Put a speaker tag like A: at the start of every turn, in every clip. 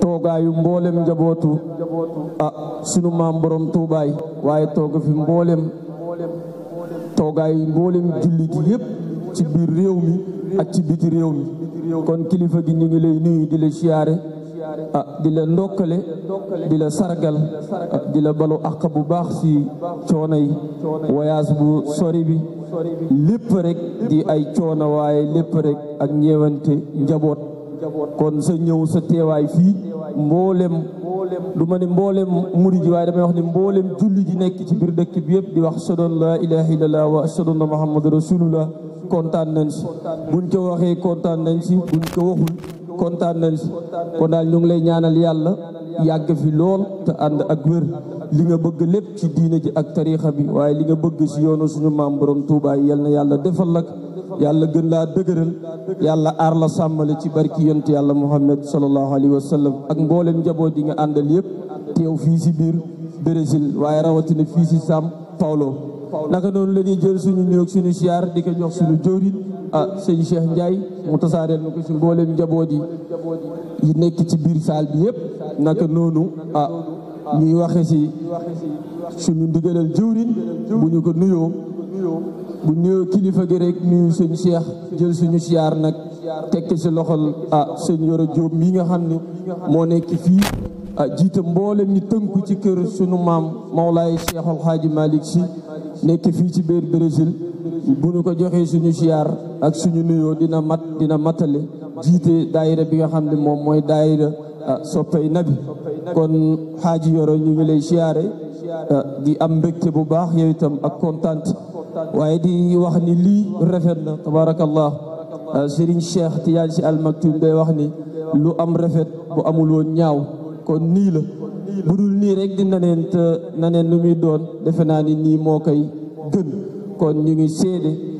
A: toogaayu mboolem njabootu ah sunu maam borom tuubaay waaye tooga fi mboolem toogaayu mboolem jullit yépp ci biir réew mi ak ci biti réew mi kon kilifa gi ñu ngi lay nuyu di la siyaare dila ndokkale di la sargal dila la balu àq bu baax ci coono yi voyage bu sori bi lépp rek di ay coono waaye lépp rek ak ñeewante njaboot kon sa ñëw sa teewaay fii mboolem du ma ne mboolem murid ji waaye damay wax ne mboolem julli ji nekk ci biir dëkk bi yëpp di wax ashhadu an laa ilaaha illallah wa ashhadu anna muhammadan rasulullah kontaan nañ si buñ ko waxee kontaan nañ si buñ ko waxul kontaan nañ si kon daal ñoo ngi lay ñaanal yàlla yàgg fi lool te ànd ak wér li nga bëgg lépp ci diine ji ak tariixa bi waaye li nga bëgg si yoonu suñu maam borom Tuubaa yel na yàlla defal lak yàlla gën laa dëgëral yàlla aar la sàmmale ci barki yonent yàlla muhammad sallallahu alayhi wa ak mboolem njaboot yi nga àndal yëpp teew fii si biir Brésil waaye rawatina fii si São Paulo naka noonu la jël suñu nuyoog suñu siyaar di ko jox suñu jëwriñ ah sëñ Cheikh Ndiaye mu tasaareel na ko si mboolem njaboot yi nekk ci biir saal bi yëpp naka noonu ah ñuy waxe si suñu ndigalal jëwriñ bu ñu ko nuyoo bu nuyoo kilifa gi rek nuyu sëñ Cheikh jël suñu siyaar nag tekki si loxol ah sëñ Yoro Diop yi nga xam ne moo nekk fii ah jiite mboolem ñi tënku ci kër suñu maam Mawlaay Cheikh Al Hadji Malick Sy nekk fii ci biir Brésil bu nu ko joxee suñu siyaar ak suñu nuyoo dina mat dina matale jiite daayira bi nga xam ne moom mooy daayira ah, soppay nabi kon xaaji Yoro ñu ngi lay siyaare ah, di am mbégte bu baax yow itam ak kontaan waaye di wax ni lii rafet na tabarakallah euh, Serigne Cheikh Tidiane Sy Al Maktoum day wax ni lu am rafet bu amul woon ñaaw kon nii la bu dul nii rek di naneen te naneen lu muy doon defe naa ni nii moo koy gën kon ñu ngi seede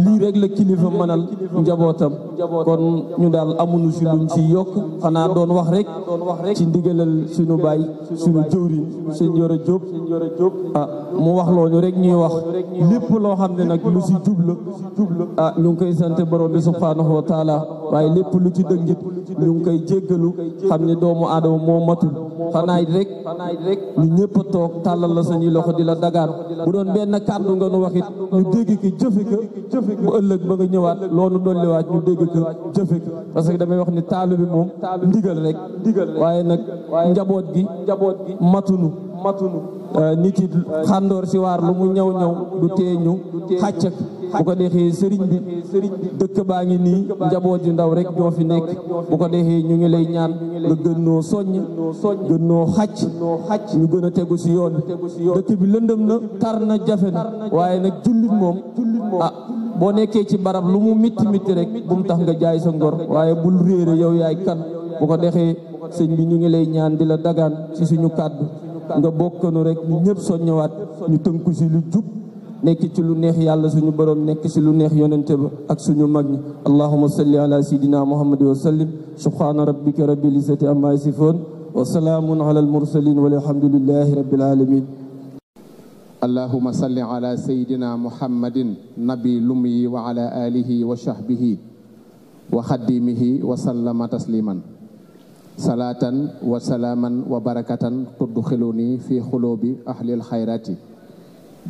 A: lii rek la kilifa mënal njabootam kon ñu daal amuñu si luñ si yokk xanaa doon wax rek ci ndigalal suñu baay suñu jëwriñ sëñ Yoro Diop ah mu wax looñu rek ñuy wax lépp loo xam ne nag lu si jubla ah ñu ngi koy sant borom bi subhanahu wa taala waaye lépp lu ci dëngit ñu ngi koy jéggalu xam ne doomu aadama moo matul xanaa it rek ñu ñëpp toog tàllal la sañuy loxo di la dagaan bu doon benn kàddu nga nu waxit ñu dégg ki jëfe ka bu ëllëg ba nga ñëwaat loolu dolliwaat ñu dégg ko jëfe ko parce que damay wax ni taalu bi moom ndigal rek waaye nag njaboot gi njaboot gi matunu matunu euh, nit yi xàndoor si waar lu mu ñëw ñëw du tee ñu xàccak bu ko defee sëriñ bi dëkk baa ngi nii njaboot yu ndaw rek ñoo fi nekk bu ko defee ñu ngi lay ñaan nga gën noo soññ gën noo xàcc ñu gën a tegu si yoon dëkk bi lëndëm na tar na jafe na waaye nag jullit moom ah boo nekkee ci barab lu mu mitti mitti rek bu mu tax nga jaay sa ngor waaye bul réere yow yaay kan bu ko dexee sëñ bi ñu ngi lay ñaan di la dagaan ci suñu kàddu nga bokkanu rek ñu ñëpp soññewaat ñu tënku si lu jub nekk ci lu neex yàlla suñu borom nekk ci lu neex yonente ba ak suñu mag ñi allahuma salli ala sayidina muhammadi wa sallim subhaana rabbika rabbil izzati amma yasifoon wa salaamun ala al mursalin walhamdulillahi rabbil alamin
B: اللهم صل على سيدنا محمد نبي لمي وعلى آله وشحبه وخديمه وسلم تسليما صلاة وسلاما وبركة تدخلني في خلوب أهل الخيرات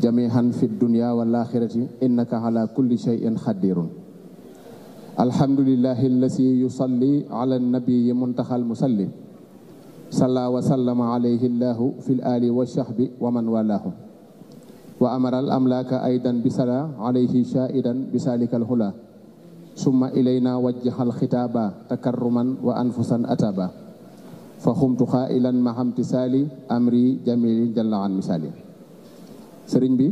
B: جميعا في الدنيا والآخرة إنك على كل شيء خدير الحمد لله الذي يصلي على النبي منتخى المسلم صلى وسلم عليه الله في الآل والشحب ومن والاهم wa amara al-amlaka aidan bisala alaihi syaidan bisalikal hula summa ilaina wajjahal khitaba takarruman wa anfusan ataba fakhumtu khailan maham tisali amri jamili jallaan misali serigne bi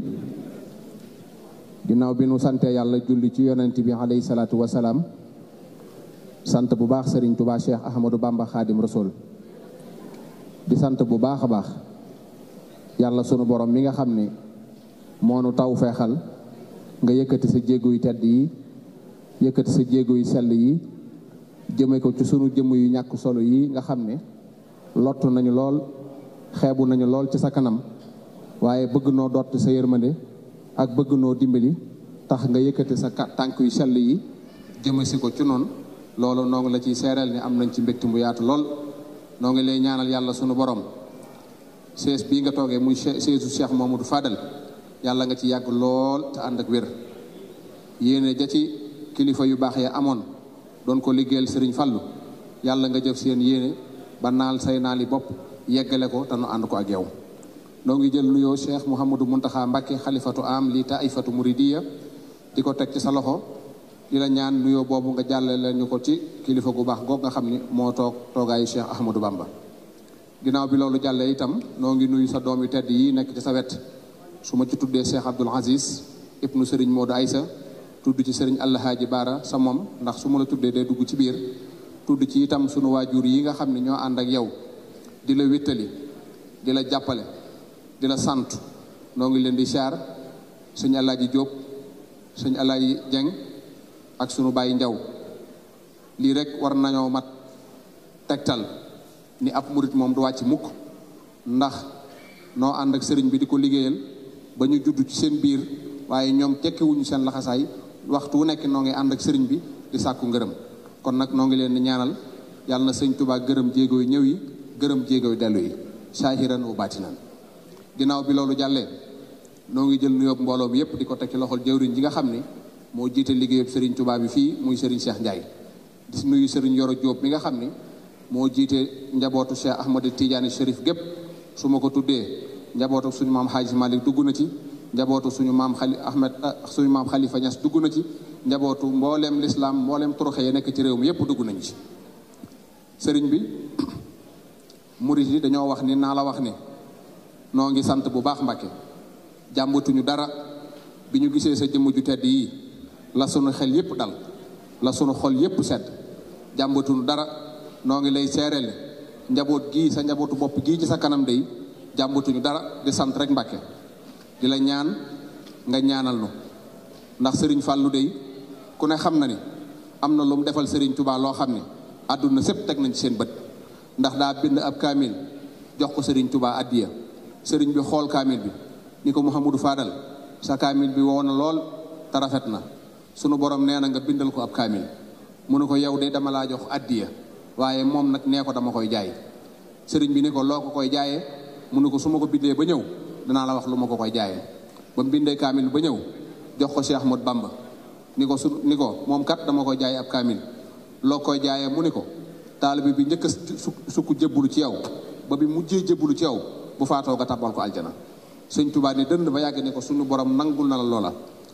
B: ginaaw bi nu sante yalla julli ci yonent bi alayhi salatu salam sante bu baax serigne touba Cheikh Ahmadou Bamba Khadim rasoul di sante bu baax baax yalla sunu borom mi nga xamni moo taw fexal nga yëkkati sa jéego yu tedd yi yëkkati sa jéego yu sell yi jëme ko ci sunu jëm yu ñàkk solo yi nga xam ne lottu nañu lool xeebu nañu lool ci sa kanam waaye bëgg noo dott sa yërmande ak bëgg noo dimbali tax nga yëkkati sa tànk yu sell yi jëme si ko ci noonu loolu noo la ciy ni am nañ ci mbégte mu yaatu lool noo ngi lay ñaanal yàlla sunu borom sees bii nga toogee muy seesu cheikh mamadou fadal yalla nga ci yag lol ta iya and ak wer yene ja ci kilifa yu bax ya amone don ko liggéeyal serigne Fallu yalla nga jëf seen yene iya ba nal say naali bop yeggale iya ko tanu and ko ak yow do ngi jël nuyo cheikh muntaha mbake khalifatu am li taifatu muridiya diko tek ci sa loxo dila ñaan nuyo bobu nga jallale ñu ko ci kilifa gu bax gog nga xamni mo tok cheikh ahmadou bamba ginaaw bi lolou jàlle itam nongi ngi nuyu sa doom tedd yi nek ci sa wet su ma ci tuddee Cheikh Abdoul Aziz ibnu moo Modou Aïssa tudd ci Serigne Alhaji Baara sa moom ndax su ma la tuddee day dugg ci biir tudd ci itam suñu waajur yi nga xam ne ñoo ànd ak yow di la wittali di la jàppale di la sant noo ngi leen di siyaar suñu Alhaji Diop suñu Alhaji Dieng ak sunu bàyyi njaw lii rek war nañoo mat tegtal ni ab murit moom du wàcc mukk ndax noo ànd ak sëriñ bi di ko liggéeyal ba ñu judd ci seen biir waaye ñoom tekkiwuñu seen laxasaay waxtu wu nekk noo ngi ànd ak sëriñ bi di sàkku ngërëm kon nag noo ngi leen di ñaanal yàlla na sëñ Tuubaa gërëm jéego ñëw yi gërëm jéego yu dellu yi saahiran wa baatinan ginnaaw bi loolu jàllee noo ngi jël nuyoo mbooloo bi yépp di ko teg ci loxol jëwriñ ji nga xam ni moo jiite liggéeyub sëriñ tubaab bi fii muy sëriñ Cheikh Ndiaye di nuyu sëriñ Yoro Diop bi nga xam ni moo jiite njabootu Cheikh Ahmad Tidiane Chérif gépp su ma ko tuddee njabootu suñu maam Hadj Malick dugg na ci njabootu suñu maam Xali Ahmed ah, suñu maam Khalifa Niass dugg na ci njabootu mbooleem lislaam mbooleem turuxe yi nekk ci réew mi yépp dugg nañ ci sëriñ bi murit yi dañoo wax ni naa la wax ne noo ngi sant bu baax mbakke jàmbatuñu dara bi ñu gisee sa jëmm ju tedd yii la suñu xel yépp dal la suñu xol yépp sedd jàmbatuñu dara noo ngi lay seereel njaboot gii sa njabootu bopp gii ci sa kanam dey jàmbutuñu dara di sant rek mbacke di la ñaan nga ñaanal lu ndax serigne fàllu dey ku ne xam na ni amna lu mu defal serigne touba lo xam ni àdduna sépp teg nañ ci seen bët ndax da bind ab kamil jox ko serigne touba adiya serigne bi xol kamil bi ni ko Fadal sa kamil bi wona lol ta rafetna suñu borom neena nga bindal ko ab kamil mu ko yow de dama la jox adiya waye mom nak neko dama koy jaay serigne bi ko koy mu ne ko su ma ko bindee ba ñëw danaa la wax lu ma ko koy ba bindee ba ñëw jox ko Cheikh Ahmad Bamba Niko Niko su ni ko moom kat dama koy jaay ab kaamil loo koy jaayee mu ne ko taalibe bi njëkk suku sukk jëbbulu ci yow ba bi mujjee jëbbulu ci yow bu faatoo ga tabal ko aljana sëñ tuba ne dënd ba yàgg ne ko sunu borom nangul na la loola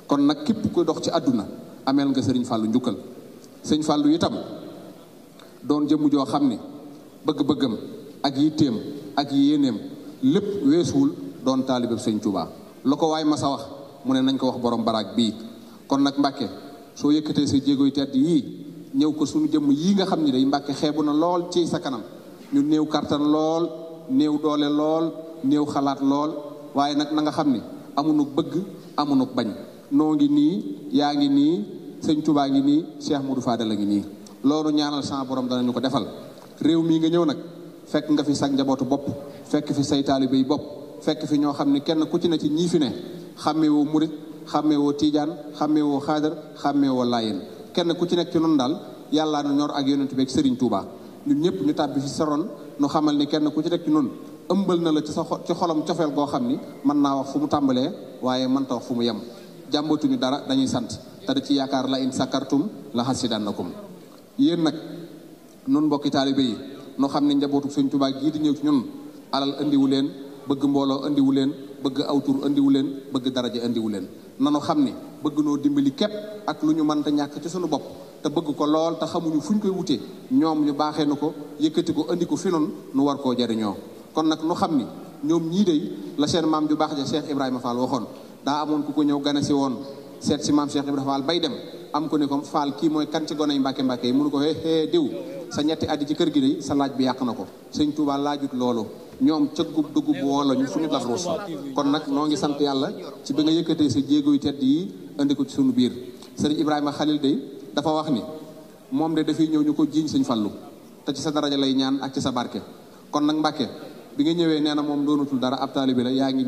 B: kon nag képp ku dox ci àdduna amel nga sëriñ fàllu njukkal sëñ fàllu itam doon jëm joo xam ni bëgg-bëggam ak yitteem ak yéeneem lépp weesuwul doon taalibe sëñ Tuubaa la ko waay mas a wax mu ne nañ ko wax borom baraag bii kon nag Mbàkke soo yëkkatee sa jéego yu yii ñëw ko suñu jëmm yii nga xam ni day Mbàkke xeebu na lool ci sa kanam ñu néew kartan lool néew doole lool néew xalaat lool waaye nag na nga xam ni amunu bëgg amu nu bañ noo ngi nii yaa ngi nii sëñ Tuubaa ngi nii Cheikh Modou Fadel la ngi nii loolu ñaanal sa borom danañu ko defal réew mii nga ñëw nag fekk nga fi sag njabootu bopp fekk fi say taalibe yi bopp fekk fi ñoo xam ne kenn ku ci ne ci ñii fi ne xàmmee woo murit xàmmee woo tiijaan xàmmee woo xaadar xàmmee woo laayeen kenn ku ci nekk ci noonu daal yàllaa na ñor ak yonent bi ak sëriñ tuuba ñun ñëpp ñu tàbbi fi saroon nu xamal ni kenn ku ci nekk ci noonu ëmbal na la ci sa ci xolam cofeel goo xam ni mën naa wax fu mu tàmbalee waaye mënta wax fu mu yem jàmbatuñu dara dañuy sant te da ci yaakaar la in sakartum la xasidannakum yéen nag nun mbokki taalibe no xam ne seigne touba gi di ñew ci ñun alal wu len bëgg andi wu len bëgg aw andi wu len bëgg daraaje andi wu len nañu ne bëgg no dimbali kep ak luñu man ta ñak ci suñu bop te bëgg ko lool te xamuñu fuñ koy wuté ñom ñu baxé nako yëkëti ko andi ko fi nu war ko jariñoo kon nak nu xamni ñom ñi dey la seen mam ju baax ja Cheikh Ibrahima Fall waxon da amon ku ko ñew Cheikh Ibrahima Fall bay dem am ko ne comme faal kii mooy kan ci gone yi mbàkke mbàkke yi mënu ko xeexee diw sa ñetti at ci kër gi de sa laaj bi yàq na ko sëñ Tuubaa laajut loolu ñoom cëggub dugub woo la ñu fu ñu ruus kon nag noo ngi sant yàlla ci bi nga yëkkatee sa jéego yu tedd yi indi ko ci suñu biir sëriñ Ibrahima Khalil de dafa wax ni moom de dafay ñëw ñu ko jiiñ sëñ Fallu te ci sa daraja lay ñaan ak ci sa barke kon nag Mbàkke bi nga ñëwee nee na moom doonatul dara ab taalibe la yaa ngi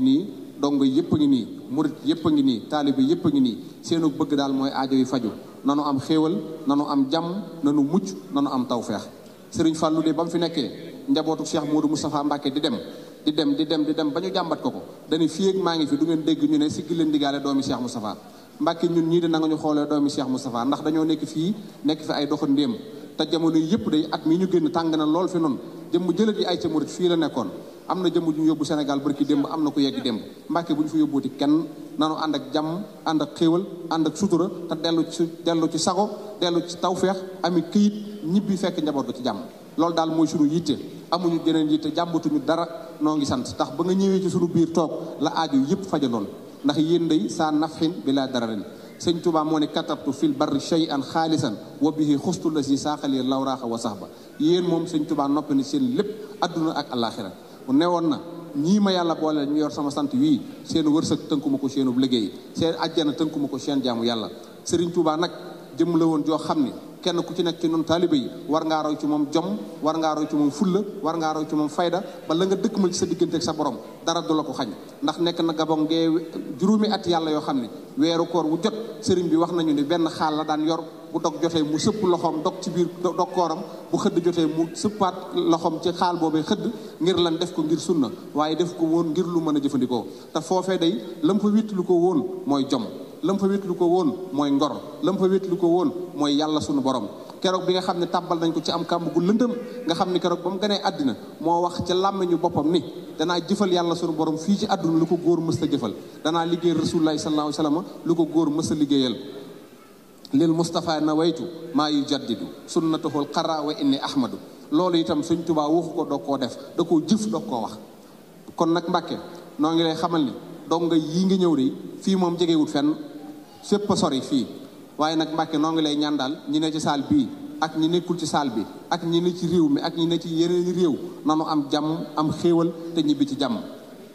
B: nii dong yëpp a ngi nii murit yëpp a ngi nii taalibe yëpp a ngi nii seenu bëgg daal mooy aajo yu faju nanu am xéewal nu am jàmm nanu mucc nu am tawfeex sëriñ Fallou de ba mu fi nekkee njabootu Cheikh Modou Moustapha Mbacke di dem di dem di dem di dem ba ñu ko ko dañu fii ak maa fi du dégg ñu ne siggi leen digaale doomi Cheikh Moustapha Mbacke ñun ñii de na nga ñu xoolee doomi Cheikh Moustapha ndax dañoo nekk fii nekk fi ay doxu ndéem te jamono yëpp day at mii ñu génn tàng na lool fi noonu jëm mu jëlat yi ay ca murit fii la nekkoon am na jëmm ju ñu yóbbu Sénégal barki démb am na ko yegg démb Mbàkke bu ñu fa yóbbooti kenn nanu ànd ak jàmm ànd ak xéewal ànd ak sutura te dellu ci dellu ci sago dellu ci tawfeex ami këyit ñibbi fekk njaboot ga ci jàmm loolu daal mooy sunu yitte amuñu geneen yitte jàmbatuñu dara noo ngi sant ndax ba nga ñëwee ci sunu biir toog la aaju yëpp fajandoon ndax yéen day saa nafxin bi laa dara ren sëñ Tuubaa moo ne katabtu fil barri shay'an xaalisan wa bihi xustu la si saaxali lawraaxa wa sax ba yéen moom sëñ Tuubaa noppi seen lépp adduna ak alaxira newoon na ñii ma yàlla boole ñu yor sama sant wii seen wërsëg tënkuma ko seenub liggéey seen ajjana tënkuma ko seen jaamu yàlla Serigne Touba nag jëm la woon joo xam ni kenn ku ci nekk ci noonu taalibe yi war ngaa roy ci moom jom war ngaa roy ci moom fulla war ngaa roy ci moom fayda ba nga dëkk ma ci sa diggante ak sa borom dara du la ko xañ ndax nekk na gabon gee juróomi at yàlla yoo xam ne weeru koor wu jot sëriñ bi wax nañu ni benn xaal la daan yor bu dog jotee mu sëpp loxoom dog ci biir dog kooram bu xëdd jotee mu sëppaat loxoom ci xaal boobee xëdd ngir lan def ko ngir sunna waaye def ko woon ngir lu mën a jëfandikoo te foofee day lam fa lu ko woon mooy jom lam fa wéetlu ko woon mooy ngor lam fa wéetlu ko woon mooy yàlla sunu borom keroog bi nga xam ne tàbbal nañ ko ci am kàmb gu lëndëm nga xam ne keroog ba mu ganee àddina moo wax ca ñu boppam ni danaa jëfal yàlla sunu borom fii ci àdduna lu ko góor mës a jëfal danaa liggéeyal rasulullahi sallallahu alayhi wasallam lu ko góor mës a liggéeyal lil Mustafa na waytu maa yu jaddidu sunnatahul xara wa inni ahmadu loolu itam suñ tubaa waxu ko dog koo def da koo jëf doo koo wax kon nag mbàkke noo ngi lay xamal ni dong nga moom jegewut fenn sépp a sori fii waaye nag Mbàkke noo ngi lay ñaan daal ñi ne ci saal bii ak ñi nekkul ci saal bi ak ñi ne ci réew mi ak ñi ne ci yeneen réew na nanu am jàmm am xéwal te ñibbi ci jàmm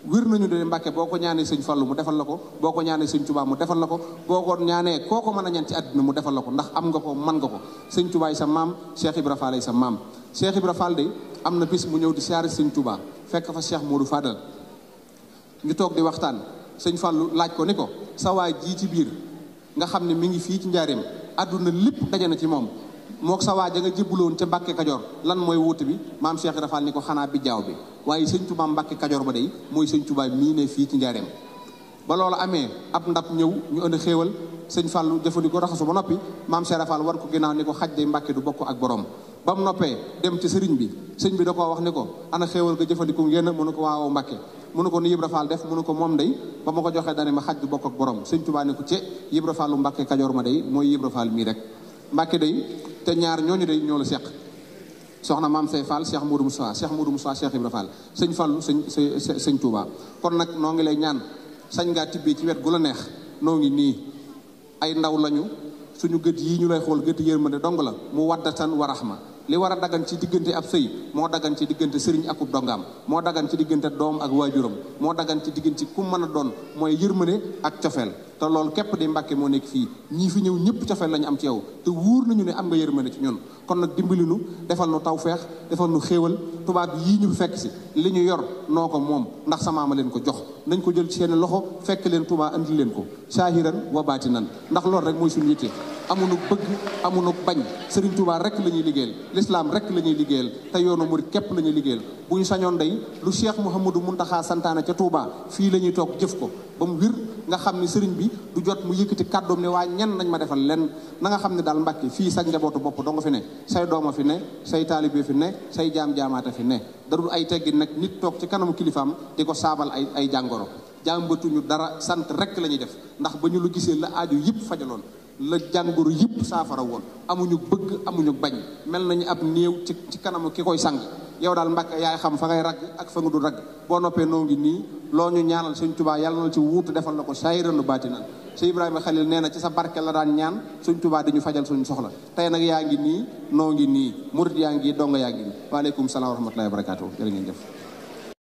B: wér nañu de Mbàkke boo ko ñaanee sëñ Fallu mu defal la ko boo ko ñaanee sëñ Tubaa mu defal la ko boo ñaanee koo ko mën a ñaan ci àddina mu defal la ko ndax am nga ko man nga ko sëñ Tubaay sa maam Cheikh bi Faal sa maam Cheikh bi Faal de am na bis mu ñëw di siyaare sëñ Tubaa fekk fa seex Modou Fadal ñu toog di waxtaan sëñ laaj ko ni ko sa waay jii ci biir nga xam ne mi ngi fii ci njaareem àdduna lépp daje na ci moom moo sa waaja nga jébbuloon ca Mbàkke Kajoor lan mooy wuute bi maam Cheikh Rafal ni ko xanaa bi jaaw bi waaye sëñ Tuubaa Mbàkke Kajoor ba day mooy sëñ Tuubaa mii ne fii ci njaareem ba loolu amee ab ndab ñëw ñu indi xéewal sëñ Fàllu jëfandikoo raxasu ba noppi maam Cheikh Rafal war ko ginnaaw ni ko xaj day Mbàkke du bokk ak borom ba mu noppee dem ci sëriñ bi sëñ bi da koo wax ni ko ana xéewal nga jëfandikoo ngeen mu ne ko waaw Mbàkke mu ne ko ni Ibra fall def mu ne ko mom day ba mako joxe dane ma xaj du bokk ak borom seigne touba ne ko ci Ibra fallu mbacke kadior ma day moy Ibra fall mi rek mbacke day te ñaar ñooñu day ñoo la seq soxna mam say Fall Cheikh Moudou Moussa Cheikh Moudou Moussa Cheikh Ibra Fall seigne Fallu seigne seigne touba kon nak no ngi lay ñaan sañ nga tibbi ci wet gu la neex no ngi ni ay ndaw lañu suñu gëtt yi ñu lay xol gëtt yërmande dong la mu waddatan wa rahma li war a dagan ci diggante ab sëy moo dagan ci diggante sëriñ akub dongaam moo dagan ci diggante doom ak waajuram moo dagan ci diggante ku mën a doon mooy yërmande ak cofeel te loolu képp di mbàkke moo nekk fii ñii fi ñëw ñëpp cofeel lañu am ci yow te wóor nañu ne am nga yërmande ci ñun kon nag dimbalinu defal nu tawfeex defal nu xéewal tubaab yii ñu fekk si li ñu yor noo ko moom ndax sa maama leen ko jox nañ ko jël seen loxo fekk leen Touba andi leen ko saahiran wa baatinan ndax loolu rek mooy suñu yitte amunu bëgg nu bañ Serigne Touba rek lañuy ñuy liggéeyal l'islam rek la ñuy liggéeyal te yoonu murid képp la ñuy liggéeyal bu ñu sañoon day lu Cheikh mun Mountakha santaane ca Touba fii la ñuy toog jëf ko ba mu wir nga xam ne sëriñ bi du jot mu yëkkati kàddoom ne waa ñen nañ ma defal lenn nanga xam ne daal mbàkke fii sa njabootu bopp dong fi ne say dooma fi ne say taalibe fi ne say jaam-jaamaata fi ne darul ay teggin nag nit toog ci kanamu kilifaam di ko saabal ay ay jàngoro jàmbatuñu dara sant rek lañuy def ndax ba ñu lu gisee la aaju yëpp fajaloon la jàngoro yëpp saafara woon amuñu bëgg amuñu bañ mel nañu ab néew ci ci kanamu ki koy sang yow daal mbàkk yaay xam fa ngay ragg ak fa nga du ragg boo noppee noo ngi nii loo ñu ñaanal suñ tubaa yàlla na ci wuutu defal la ko saayiran lu baatinan si ibrahima xalil nee na ci sa barke la daan ñaan suñ tubaa di ñu fajal suñu soxla tey nag yaa ngi nii noo ngi nii murit yaa ngi donga yaa ngi nii waaleykum salaam wa rahmatullahi wa barakaatu jërë ngeen